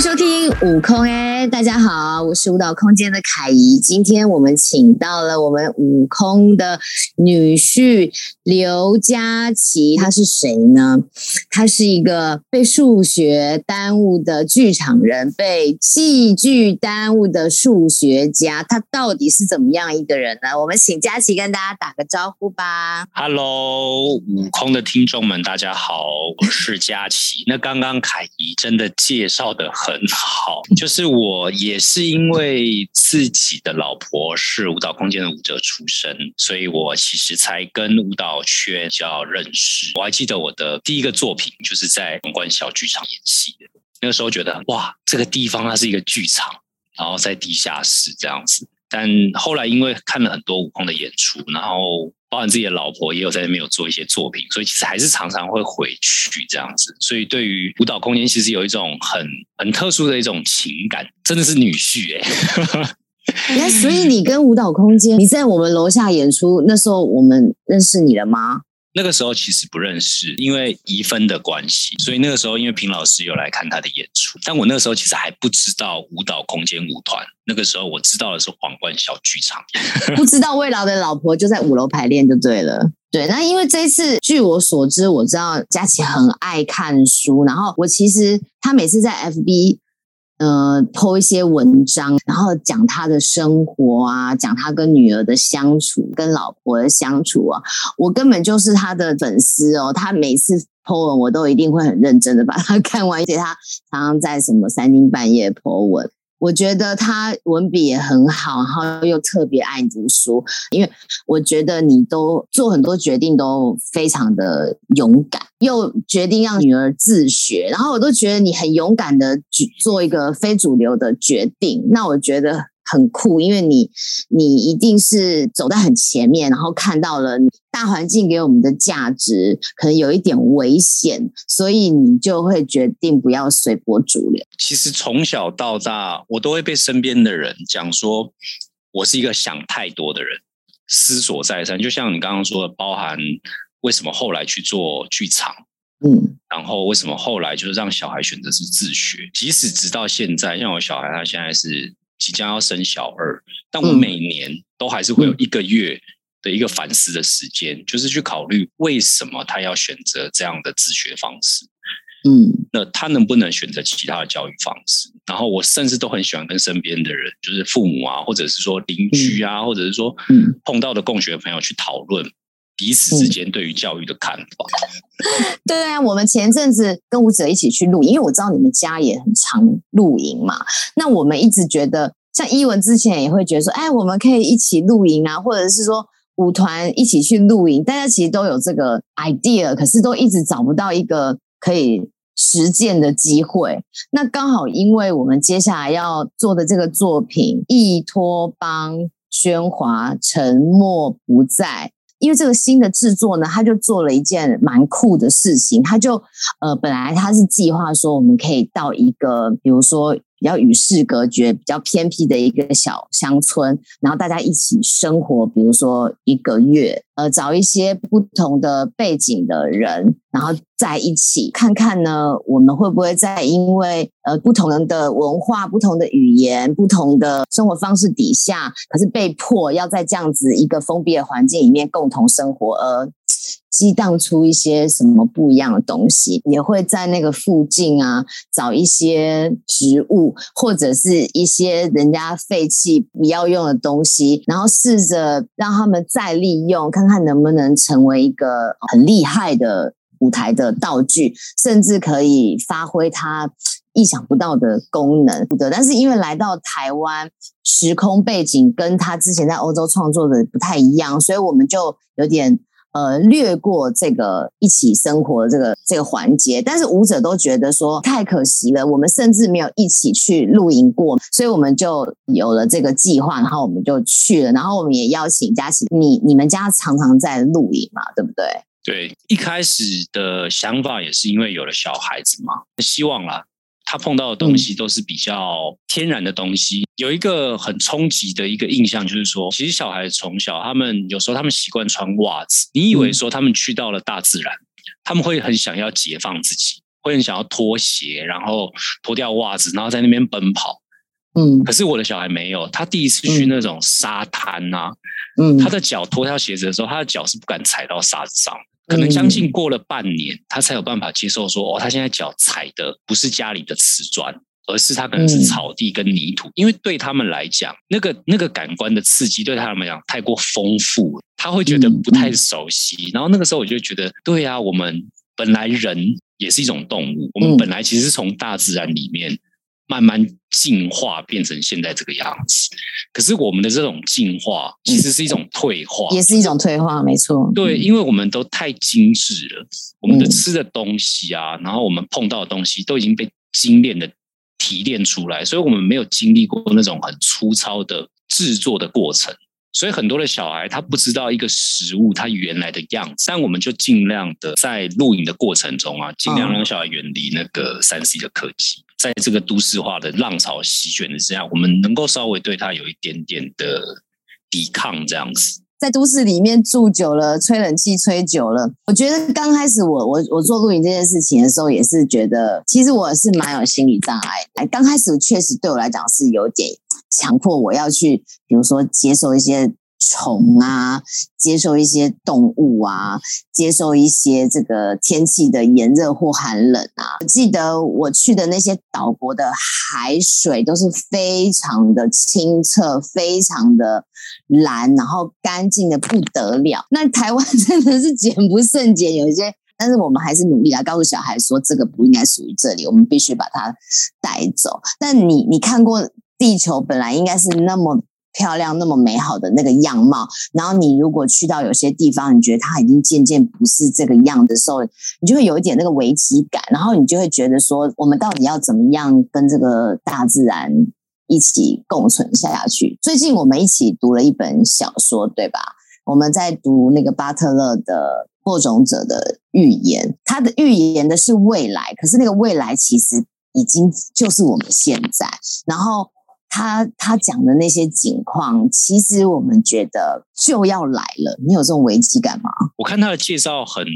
收聽舞空哎、欸，大家好，我是舞蹈空間的凱怡，今天我們請到了我們舞空的女婿劉嘉騏，他是誰呢？他是一個被數學耽誤的劇場人，被戲劇、劇耽誤的數學家。他到底是怎麼樣一個人呢？我們請嘉騏跟大家打個招呼吧。Hello，舞空的聽眾們，大家好，我是嘉騏。 那剛剛凱怡真的介紹得很。很好，就是我也是因為自己的老婆是舞蹈空間的舞者出身，所以我其實才跟舞蹈圈比較認識。我還記得我的第一個作品就是在皇冠小劇場演戲的那個時候，覺得哇，這個地方它是一個劇場，然後在地下室這樣子。但後來因為看了很多舞空的演出，然後。包含自己的老婆也有在那邊有做一些作品，所以其實還是常常會回去這樣子。所以對於舞蹈空間，其實有一種很很特殊的一種情感，真的是女婿哎、欸。那、 欸、所以你跟舞蹈空間，你在我們樓下演出那時候，我們認識你了嗎？那個時候其實不認識，因為一分的關係，所以那個時候因為平老師有來看他的演出，但我那個時候其實還不知道舞蹈空間舞團，那個時候我知道的是皇冠小劇場， 不知道魏老的老婆就在五樓排練就對了。對，那因為這一次據我所知，我知道嘉騏很愛看書，然後我其實他每次在 FB。呃，po 一些文章，然後講他的生活啊，講他跟女兒的相處，跟老婆的相處啊，我根本就是他的粉絲哦。他每次 po 文，我都一定會很認真的把它看完，而且他常常在什麼三更半夜 po 文。我覺得他文筆也很好，然後又特別愛讀書。因為我覺得你都做很多決定都非常的勇敢，又決定讓女兒自學，然後我都覺得你很勇敢的去做一個非主流的決定。那我覺得。很酷，因為你你一定是走在很前面，然後看到了大環境給我們的價值，可能有一點危險，所以你就會決定不要隨波逐流。其實從小到大，我都會被身邊的人講說，我是一個想太多的人。思索再三，就像你剛剛說的，包含為什麼後來去做劇場，嗯，然後為什麼後來就是讓小孩選擇是自學，即使直到現在，像我小孩他現在是。即將要生小二，但我每年都還是會有一個月的一個反思的時間，就是去考慮為什麼他要選擇這樣的自學方式。嗯，那他能不能選擇其他的教育方式？然後我甚至都很喜歡跟身邊的人，就是父母啊，或者是說鄰居啊，或者是說碰到的共學朋友去討論。彼此之間對於教育的看法，嗯。 對啊，我們前陣子跟舞者一起去露營，因為我知道你們家也很常露營嘛。那我們一直覺得，像依文之前也會覺得說，哎、欸，我們可以一起露營啊，或者是說舞團一起去露營，大家其實都有這個 idea，可是都一直找不到一個可以實踐的機會。那剛好，因為我們接下來要做的這個作品《異托邦》，喧嘩沉默不再，因為這個新的制作呢，他就做了一件蠻酷的事情，他就，呃，本來他是計劃說，我們可以到一個比如說比較與世隔絕、比較偏僻的一個小鄉村，然後大家一起生活，比如說一個月。呃，找一些不同的背景的人，然後在一起看看呢，我們會不會再因為呃不同的文化、不同的語言、不同的生活方式底下，可是被迫要在這樣子一個封閉的環境裡面共同生活，而激盪出一些什麼不一樣的東西？也會在那個附近啊，找一些植物或者是一些人家廢棄不要用的東西，然後試着讓他們再利用，看看。看能不能成為一個很厲害的舞台的道具，甚至可以發揮他意想不到的功能。對。但是因為來到台灣，時空背景跟他之前在歐洲創作的不太一樣，所以我們就有點。呃，略過這個一起生活的這個這個環節，但是舞者都覺得說太可惜了，我們甚至沒有一起去露營過，所以我們就有了這個計劃，然後我們就去了，然後我們也邀請嘉騏，你你們家常常在露營嘛，對不對？對，一開始的想法也是因為有了小孩子嘛，希望啦。他碰到的東西都是比較天然的東西，有一個很衝擊的一個印象，就是說，其實小孩從小，他們有時候他們習慣穿襪子，你以為說他們去到了大自然，他們會很想要解放自己，會很想要脫鞋，然後脫掉襪子，然後在那邊奔跑。嗯，可是我的小孩沒有，他第一次去那種沙灘啊，嗯，他的腳脫掉鞋子的時候，他的腳是不敢踩到沙子上。可能將近過了半年，他才有辦法接受說，哦，他現在腳踩的不是家裡的瓷磚，而是他可能是草地跟泥土，因為對他們來講，那個那個感官的刺激對他們來講太過豐富了，他會覺得不太熟悉、嗯嗯。然後那個時候我就覺得，對啊，我們本來人也是一種動物，我們本來其實是從大自然裡面。慢慢進化變成現在這個樣子，可是我們的這種進化其實是一種退化，嗯，也是一種退化，沒錯。對，因為我們都太精緻了，嗯，我們的吃的東西啊，然後我們碰到的東西都已經被精煉的提煉出來，所以我們沒有經歷過那種很粗糙的製作的過程。所以很多的小孩他不知道一個食物它原來的樣子，但我們就盡量的在錄影的過程中啊，盡量讓小孩遠離那個三 C 的科技，在這個都市化的浪潮席捲的之下，我們能夠稍微對他有一點點的抵抗，這樣子。在都市裡面住久了，吹冷氣吹久了，我覺得剛開始我我我做露營這件事情的時候，也是覺得其實我是蠻有心理障礙。哎，剛開始確實對我來講是有點強迫，我要去比如說接受一些。蟲啊，接受一些動物啊，接受一些這個天氣的炎熱或寒冷啊。我記得我去的那些島國的海水都是非常的清澈，非常的藍，然後乾淨的不得了。那台灣真的是撿不勝撿，有一些，但是我們還是努力啊，告訴小孩說，這個不應該屬於這裡，我們必須把它帶走。但你你看過地球本來應該是那麼。漂亮，那麼美好的那個樣貌，然後你如果去到有些地方，你覺得它已經漸漸不是這個樣的時候，你就會有一點那個危機感，然後你就會覺得說，我們到底要怎麼樣跟這個大自然一起共存下去？最近我們一起讀了一本小說，對吧？我們在讀那個巴特勒的《獲種者的預言》，他的預言的是未來，可是那個未來其實已經就是我們現在，然後。他他講的那些情況，其實我們覺得就要來了。你有這種危機感嗎？我看他的介紹很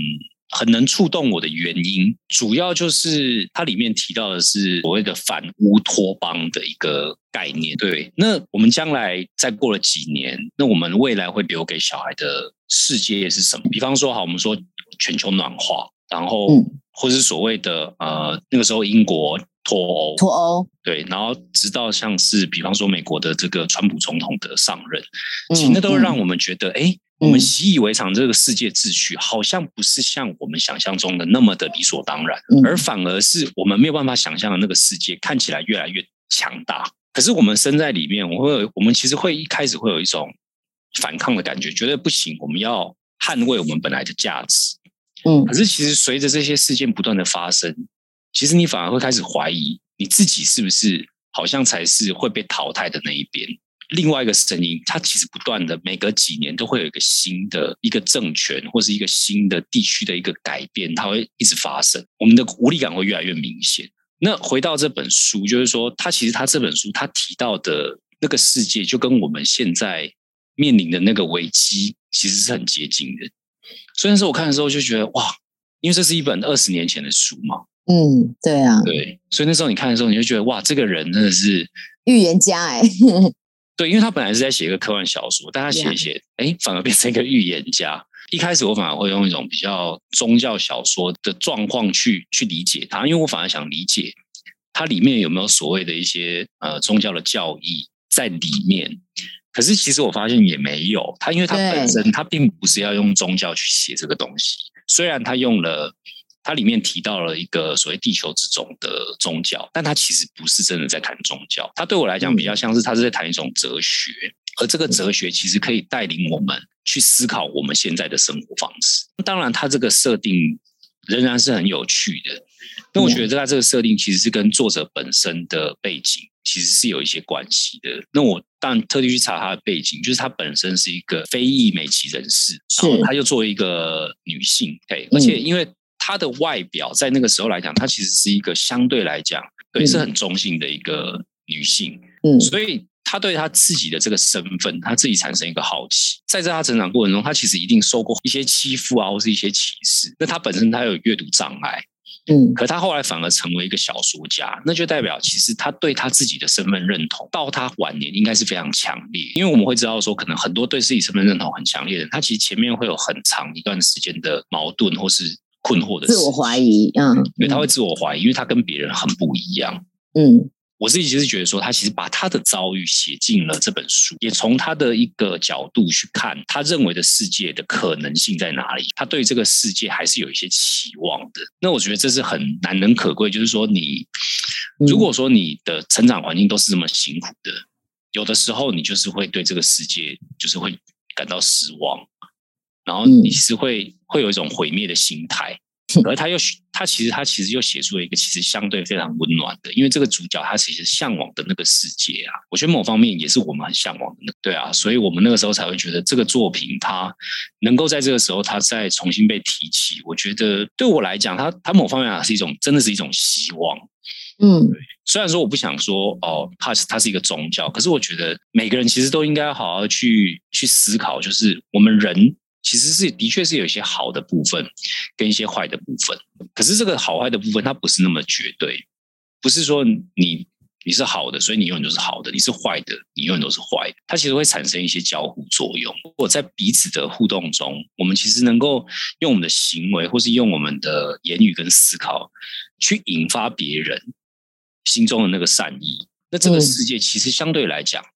很能觸動我的原因，主要就是他裡面提到的是所謂的反烏托邦的一個概念。對，那我們將來再過了幾年，那我們未來會留給小孩的世界也是什麼？比方說，好，我們說全球暖化，然後，嗯、或是所謂的呃，那個時候英國。脫歐，脫歐，對，然後直到像是比方說美國的這個川普總統的上任，嗯、其實那都會讓我們覺得，哎、嗯，我們習以為常這個世界秩序，好像不是像我們想象中的那麼的理所當然，嗯，而反而是我們沒有辦法想象的那個世界看起來越來越強大。可是我們身在裡面，我會，我們其實會一開始會有一種反抗的感覺，覺得不行，我們要捍衛我們本來的價值。嗯，可是其實隨着這些事件不斷的發生。其實你反而會開始懷疑你自己是不是好像才是會被淘汰的那一邊。另外一個聲音，它其實不斷的，每隔幾年都會有一個新的一個政權或是一個新的地區的一個改變，它會一直發生。我們的無力感會越來越明顯。那回到這本書，就是說，它其實它這本書它提到的那個世界，就跟我們現在面臨的那個危機其實是很接近的。雖然說我看的時候就覺得哇，因為這是一本二十年前的書嘛。嗯，對啊，對，所以那時候你看的時候，你就覺得哇，這個人真的是預言家哎、欸。 對，因為他本來是在寫一個科幻小說，但他寫一寫，哎、yeah.，反而變成一個預言家。一開始我反而會用一種比較宗教小說的狀況去去理解他，因為我反而想理解它裡面有沒有所謂的一些呃宗教的教義在裡面。可是其實我發現也沒有他，因為他本身他並不是要用宗教去寫這個東西，雖然他用了。它裡面提到了一個所謂地球之中的宗教，但它其實不是真的在談宗教。它對我來講比較像是它是在談一種哲學，而這個哲學其實可以帶領我們去思考我們現在的生活方式。當然，它這個設定仍然是很有趣的。那我覺得它這個設定其實是跟作者本身的背景其實是有一些關係的。那我當然特地去查他的背景，就是他本身是一個非裔美籍人士，然後他就作為一個女性，對，而且因為。她的外表在那個時候來講，她其實是一個相對來講，也、嗯、是很中性的一個女性。嗯，所以她對她自己的這個身份，她自己產生一個好奇。在在她成長過程中，她其實一定受過一些欺負啊，或是一些歧視。那她本身她有閱讀障礙，嗯，可她後來反而成為一個小說家，那就代表其實她對她自己的身份認同到她晚年應該是非常強烈。因為我們會知道說，可能很多對自己身份認同很強烈的人，他其實前面會有很長一段時間的矛盾，或是。困惑的，自我懷疑，嗯，因為他會自我懷疑，因為他跟別人很不一樣，嗯，我自己其實覺得說，他其實把他的遭遇寫進了這本書，也從他的一個角度去看，他認為的世界的可能性在哪裡？他對這個世界還是有一些期望的。那我覺得這是很難能可貴，就是說，你如果說你的成長環境都是這麼辛苦的，有的時候你就是會對這個世界就是會感到失望，然後你是會。會有一種毀滅的心態，而他又他其實他其實又寫出了一個其實相對非常溫暖的，因為這個主角他其實嚮往的那個世界啊，我覺得某方面也是我們很嚮往的，對啊，所以我們那個時候才會覺得這個作品它能夠在這個時候它再重新被提起，我覺得對我來講，它它某方面還是一種真的是一種希望。嗯，雖然說我不想說哦，它是它是一個宗教，可是我覺得每個人其實都應該好好去去思考，就是我們人。其實是的確是有一些好的部分跟一些壞的部分，可是這個好壞的部分它不是那麼絕對，不是說你你是好的，所以你永遠都是好的；你是壞的，你永遠都是壞的。它其實會產生一些交互作用。如果在彼此的互動中，我們其實能夠用我們的行為，或是用我們的言語跟思考，去引發別人心中的那個善意，那這個世界其實相對來講。嗯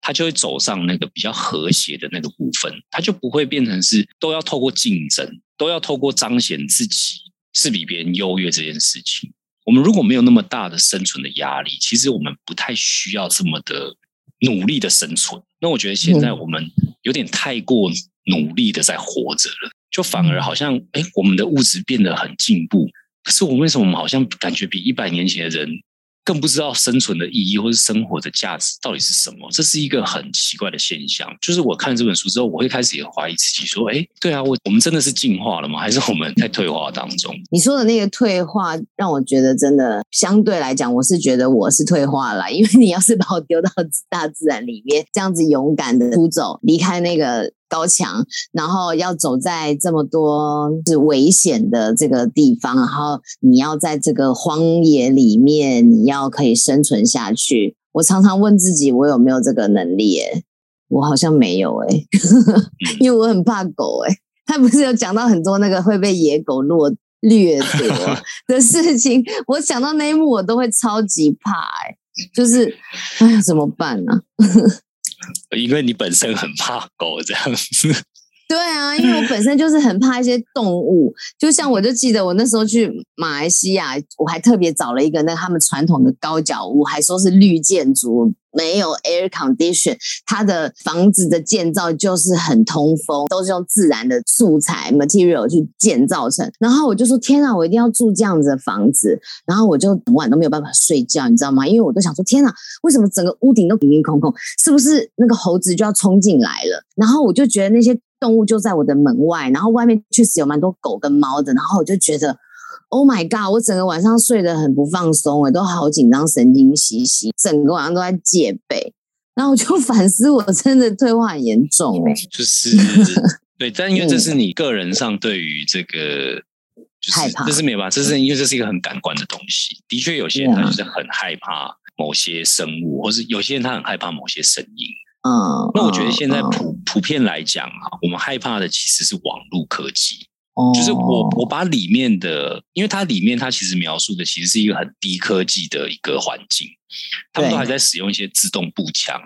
他就會走上那個比較和諧的那個部分，他就不會變成是都要透過競爭，都要透過彰顯自己是比別人優越這件事情。我們如果沒有那麼大的生存的壓力，其實我們不太需要這麼的努力的生存。那我覺得現在我們有點太過努力的在活着了，就反而好像哎、欸，我們的物質變得很進步，可是我們為什麼我們好像感覺比一百年前的人，更不知道生存的意義或是生活的價值到底是什麼，這是一個很奇怪的現象。就是我看了這本書之後，我一開始也懷疑自己，說：“欸，對啊，我我們真的是進化了嗎？還是我們在退化當中？”你說的那個退化，讓我覺得真的，相對來講，我是覺得我是退化了。因為你要是把我丟到大自然裡面，這樣子勇敢的出走，離開那個。高牆，然後要走在這麼多是危險的這個地方，然後你要在這個荒野裡面，你要可以生存下去。我常常問自己，我有沒有這個能力、欸？誒我好像沒有誒、欸、 因為我很怕狗誒、欸、他不是有講到很多那個會被野狗掠掠奪的事情， 我想到那一幕，我都會超級怕誒、欸、就是哎呀，怎麼辦呢、啊？ 因為你本身很怕狗，這樣子。 對啊，因為我本身就是很怕一些動物，就像我就記得我那時候去馬來西亞，我還特別找了一個那個他們傳統的高腳屋，還說是綠建築，沒有 air condition，它的房子的建造就是很通風，都是用自然的素材 material 去建造成。然後我就說天啊，我一定要住這樣子的房子，然後我就整晚都沒有辦法睡覺，你知道嗎？因為我都想說天啊，為什麼整個屋頂都頂頂空空，是不是那個猴子就要衝進來了？然後我就覺得那些，動物就在我的門外，然後外面確實有蠻多狗跟貓的，然後我就覺得，Oh my god！我整個晚上睡得很不放鬆，欸，我都好緊張，神經兮兮，整個晚上都在戒備。然後我就反思，我真的退化很嚴重、欸，哎、就是，就是，對，但因為這是你個人上對於這個，害 怕、嗯，就是，這是沒辦法，這是因為這是一個很感官的東西，的確有些人他就是很害怕某些生物，啊、或是有些人他很害怕某些聲音。嗯，那我覺得現在普、嗯、普遍來講啊、嗯，我們害怕的其實是網絡科技。哦、嗯，就是我我把裡面的，因為它裡面它其實描述的其實是一個很低科技的一個環境，他們都還在使用一些自動步槍，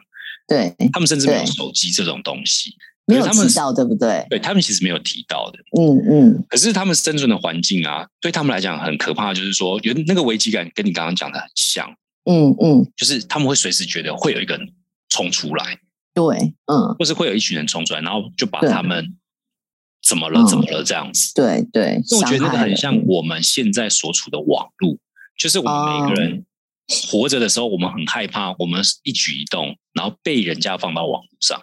對，他們甚至沒有手機這種東西，他們沒有提到對不對？對，他們其實沒有提到的，嗯嗯。可是他們生存的環境啊，對他們來講很可怕，就是說有那個危機感，跟你剛剛講的很像，嗯嗯，就是他們會隨時覺得會有一個人衝出來。對，嗯，或是會有一群人衝出來，然後就把他們怎麼了、嗯，怎麼了，這樣子。對對，所以我覺得那個很像我們現在所處的網路，就是我們每個人活着的時候，嗯、我們很害怕，我們一舉一動，然後被人家放到網絡上，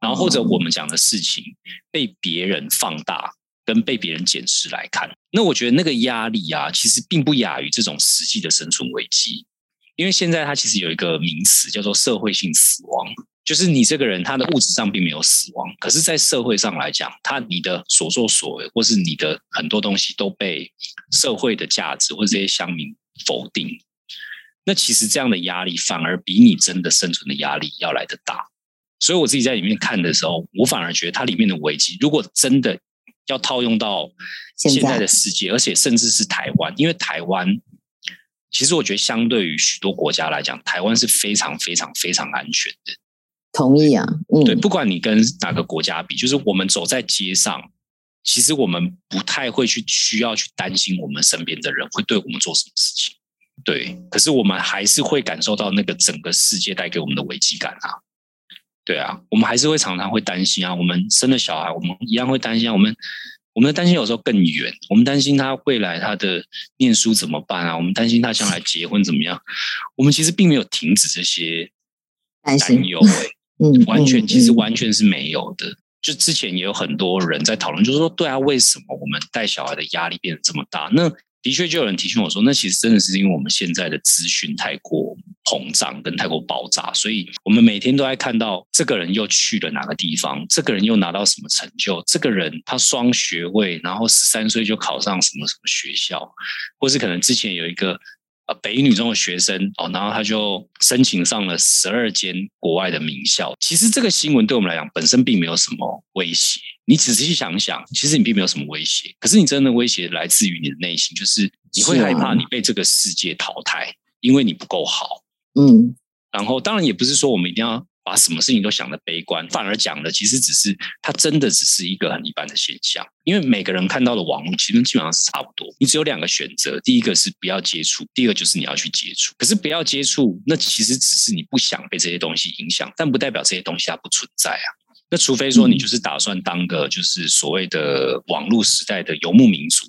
然後或者我們講的事情被別人放大，跟被別人檢視來看。那我覺得那個壓力啊，其實並不亞於這種實際的生存危機，因為現在它其實有一個名詞叫做社會性死亡。就是你這個人，他的物質上並沒有死亡，可是，在社會上來講，他你的所作所為，或是你的很多東西，都被社會的價值或這些鄉民否定。那其實這樣的壓力，反而比你真的生存的壓力要來得大。所以我自己在裡面看的時候，我反而覺得它裡面的危機，如果真的要套用到現在的世界，而且甚至是台灣，因為台灣其實我覺得相對於許多國家來講，台灣是非常非常非常安全的。同意啊、嗯，對，不管你跟哪個國家比，就是我們走在街上，其實我們不太會去需要去擔心我們身邊的人會對我們做什麼事情，對。可是我們還是會感受到那個整個世界帶給我們的危機感啊，對啊，我們還是會常常會擔心啊，我們生了小孩，我們一樣會擔心、啊，我們我們的擔心有時候更遠，我們擔心他未來他的念書怎麼辦啊，我們擔心他將來結婚怎麼樣，我們其實並沒有停止這些擔憂、欸， 完全，其實完全是沒有的。嗯嗯嗯、就之前也有很多人在討論，就是說，對啊，為什麼我們帶小孩的壓力變得這麼大？那的確就有人提醒我說，那其實真的是因為我們現在的資訊太過膨脹，跟太過爆炸，所以我們每天都在看到這個人又去了哪個地方，這個人又拿到什麼成就，這個人他雙學位，然後十三歲就考上什麼什麼學校，或是可能之前有一個。北一女中的學生哦，然後他就申請上了十二間國外的名校。其實這個新聞對我們來講本身並沒有什麼威脅。你仔細想想，其實你並沒有什麼威脅。可是你真的威脅來自於你的內心，就是你會害怕你被這個世界淘汰，啊、因為你不夠好。嗯，然後當然也不是說我們一定要。把什麼事情都想得悲觀，反而講的其實只是，它真的只是一個很一般的現象。因為每個人看到的網絡其實基本上是差不多。你只有兩個選擇，第一個是不要接觸，第二個就是你要去接觸。可是不要接觸，那其實只是你不想被這些東西影響，但不代表這些東西它不存在啊。那除非說你就是打算當個就是所謂的網絡時代的游牧民族。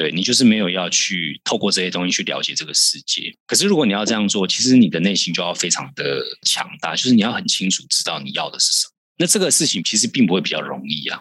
對，你就是沒有要去透過這些東西去了解這個世界。可是如果你要這樣做，其實你的內心就要非常的強大，就是你要很清楚知道你要的是什麼。那這個事情其實並不會比較容易啊，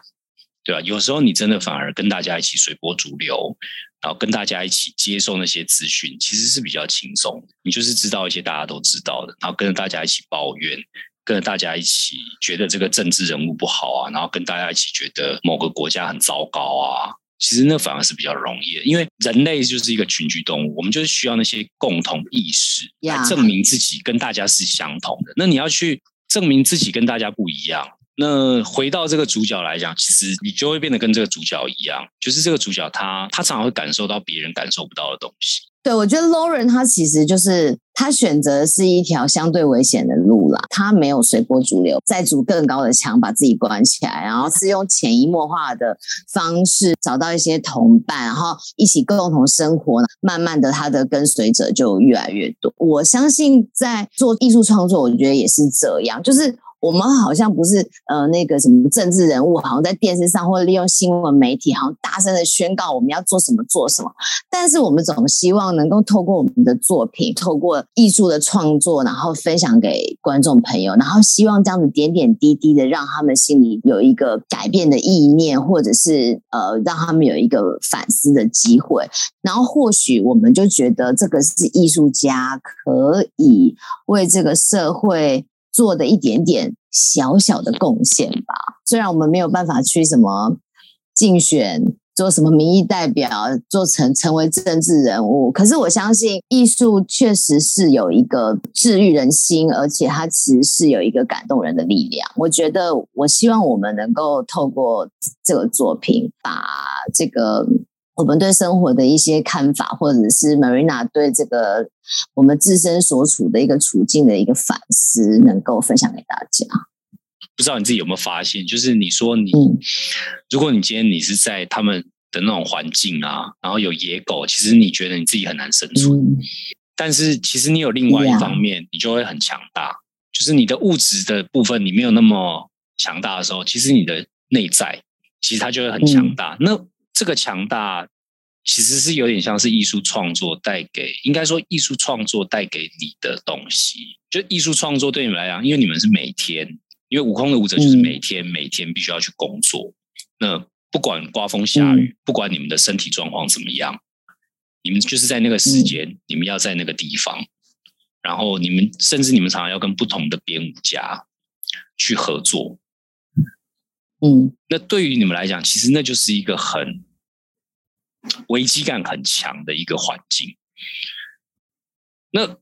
對吧？有時候你真的反而跟大家一起隨波逐流，然後跟大家一起接受那些資訊，其實是比較輕鬆的。你就是知道一些大家都知道的，然後跟着大家一起抱怨，跟着大家一起覺得這個政治人物不好啊，然後跟大家一起覺得某個國家很糟糕啊。其實那反而是比較容易的，因為人類就是一個群居動物，我們就是需要那些共同意識，Yeah. 來證明自己跟大家是相同的。那你要去證明自己跟大家不一樣，那回到這個主角來講，其實你就會變得跟這個主角一樣，就是這個主角他他常常會感受到別人感受不到的東西。對，我覺得 Lauren 他其實就是他選擇的是一條相對危險的路啦。他沒有隨波逐流，再築更高的牆把自己關起來，然後是用潛移默化的方式找到一些同伴，然後一起共同生活，慢慢的他的跟隨者就越來越多。我相信在做藝術創作，我覺得也是這樣，就是。我們好像不是呃那個什麼政治人物，好像在電視上或利用新聞媒體，好像大聲的宣告我們要做什麼做什麼。但是我們總希望能夠透過我們的作品，透過藝術的創作，然後分享給觀眾朋友，然後希望這樣子點點滴滴的讓他們心裡有一個改變的意念，或者是呃讓他們有一個反思的機會。然後或許我們就覺得這個是藝術家可以為這個社會。做的一點點小小的貢獻吧，雖然我們沒有辦法去什麼競選，做什麼民意代表，做成成為政治人物，可是我相信藝術確實是有一個治癒人心，而且它其實是有一個感動人的力量。我覺得，我希望我們能夠透過這個作品，把這個。我們對生活的一些看法，或者是 Marina 對這個我們自身所處的一個處境的一個反思，能夠分享給大家。不知道你自己有沒有發現，就是你說你，嗯、如果你今天你是在他們的那種環境啊，然後有野狗，其實你覺得你自己很難生存。嗯、但是其實你有另外一方面、嗯，你就會很強大。就是你的物質的部分，你沒有那麼強大的時候，其實你的內在其實它就會很強大。嗯、那這個強大其實是有點像是藝術創作帶給，應該說藝術創作帶給你的東西。就藝術創作對你們來講，因為你們是每天，因為舞空的舞者就是每天、嗯、每天必須要去工作。那不管颳風下雨、嗯，不管你們的身體狀況怎麼樣，你們就是在那個時間，嗯、你們要在那個地方。然後你們甚至你們常常要跟不同的編舞家去合作。嗯，那對於你們來講，其實那就是一個很。危機感很強的一個環境。那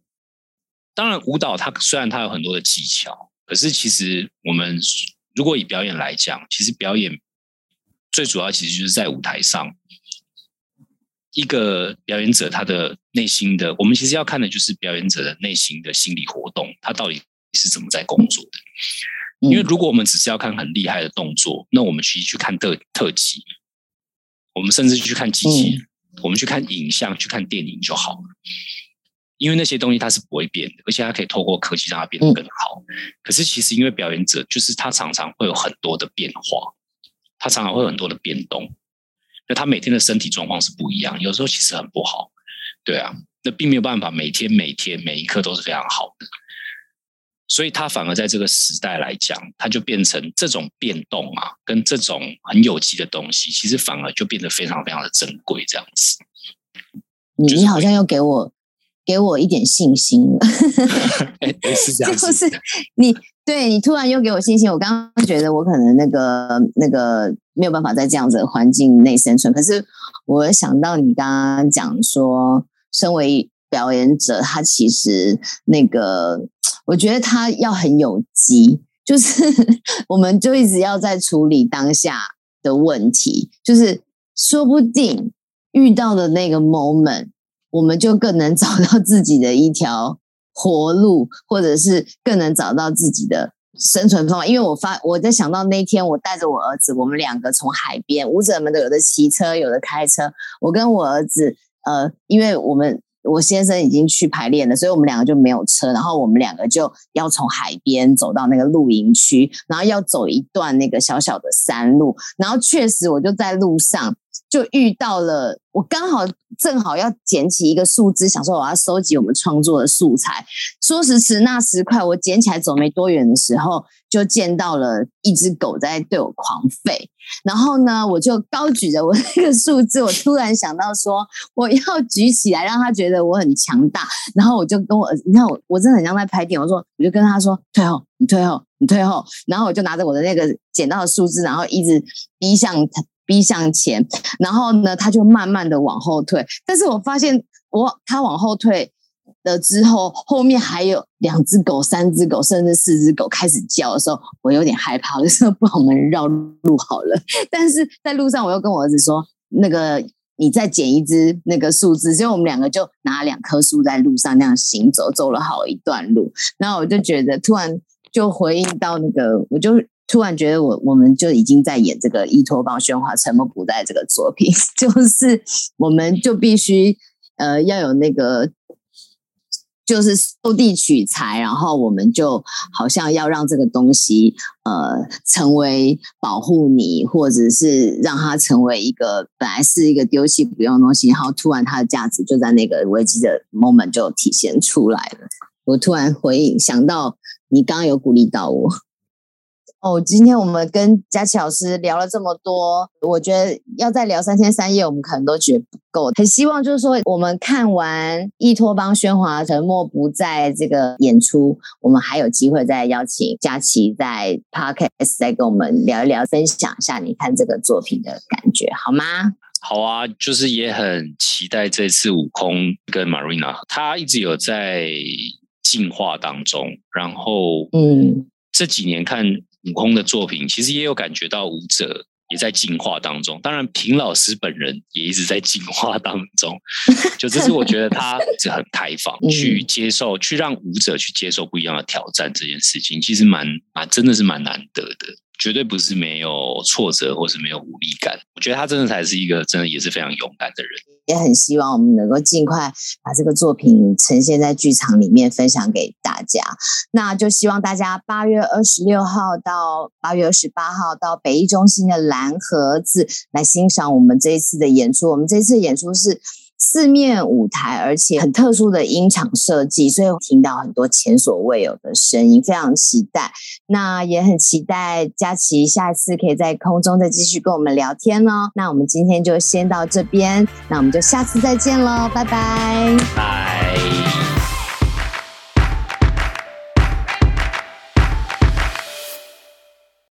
當然，舞蹈它雖然它有很多的技巧，可是其實我們如果以表演來講，其實表演最主要其實就是在舞台上，一個表演者他的內心的，我們其實要看的就是表演者的內心的心理活動，他到底是怎麼在工作的。嗯、因為如果我們只是要看很厲害的動作，那我們其實去看特特技。我們甚至去看機器、嗯，我們去看影像，去看電影就好了，因為那些東西它是不會變的，而且它可以透過科技讓它變得更好。嗯、可是其實因為表演者，就是他常常會有很多的變化，他常常會有很多的變動。那他每天的身體狀況是不一樣，有時候其實很不好，對啊，那並沒有辦法每天每天每一刻都是非常好的。所以，他反而在這個時代來講，他就變成這種變動啊，跟這種很有機的東西，其實反而就變得非常非常的珍貴這樣子，你、就是。你好像又給我給我一點信心了， 欸、是就是你對你突然又給我信心。我剛剛覺得我可能那個那個沒有辦法在這樣子的環境內生存，可是我想到你剛剛講說，身為。表演者他其實那個，我覺得他要很有機，就是我們就一直要在處理當下的問題，就是說不定遇到的那個 moment，我們就更能找到自己的一條活路，或者是更能找到自己的生存方法。因為我發我在想到那天我帶着我兒子，我們兩個從海邊，舞者們都有的騎車，有的開車，我跟我兒子，呃，因為我們。我先生已經去排練了，所以我們兩個就沒有車，然後我們兩個就要從海邊走到那個露營區，然後要走一段那個小小的山路，然後確實我就在路上。就遇到了，我剛好正好要撿起一個樹枝，想說我要收集我們創作的素材。說時遲，那時快，我撿起來走沒多遠的時候，就見到了一隻狗在對我狂吠。然後呢，我就高舉着我那個樹枝，我突然想到說我要舉起來，讓它覺得我很強大。然後我就跟我，你看我，我真的很像在拍電影，我說我就跟他說退後，你退後，你退後。然後我就拿着我的那個撿到的樹枝，然後一直逼向他逼向前，然後呢，他就慢慢的往後退。但是我發現，我他往後退了之後，後面還有兩隻狗、三隻狗，甚至四隻狗開始叫的時候，我有點害怕的時候，我就說：“不，我們繞路好了。”但是在路上，我又跟我兒子說：“那個，你再撿一隻那個樹枝。”所以我們兩個就拿了兩棵樹在路上那樣行走，走了好一段路。然後我就覺得，突然就回應到那個，我就。突然覺得我，我我們就已經在演這個《異托邦喧嘩沉默不再》這個作品，就是我們就必須呃要有那個，就是就地取材，然後我們就好像要讓這個東西呃成為保護你，或者是讓它成為一個本來是一個丟棄不用的東西，然後突然它的價值就在那個危機的 moment 就體現出來了。我突然回應想到，你剛剛有鼓勵到我。哦，今天我們跟嘉騏老師聊了這麼多，我覺得要再聊三天三夜，我們可能都覺得不夠。很希望就是說，我們看完《異托邦喧嘩沉默不再》這個演出，我們還有機會再邀請嘉騏在 Podcast 再跟我們聊一聊，分享一下你看這個作品的感覺，好嗎？好啊，就是也很期待這次舞空跟 Marina，她一直有在進化當中，然後嗯，這幾年看。舞空的作品其實也有感覺到舞者也在進化當中，當然平老師本人也一直在進化當中。就這是我覺得他是很開放， 去接受，去讓舞者去接受不一樣的挑戰這件事情，其實蠻蠻真的是蠻難得的。絕對不是沒有挫折，或是沒有無力感。我覺得他真的才是一個真的也是非常勇敢的人，也很希望我們能夠盡快把這個作品呈現在劇場裡面，分享給大家。那就希望大家八月二十六號到八月二十八號到北藝中心的藍盒子來欣賞我們這一次的演出。我們這一次演出是。四面舞台，而且很特殊的音場設計，所以我聽到很多前所未有的聲音，非常期待。那也很期待嘉騏下次可以在空中再繼續跟我們聊天哦。那我們今天就先到這邊，那我們就下次再見嘍，拜拜，拜。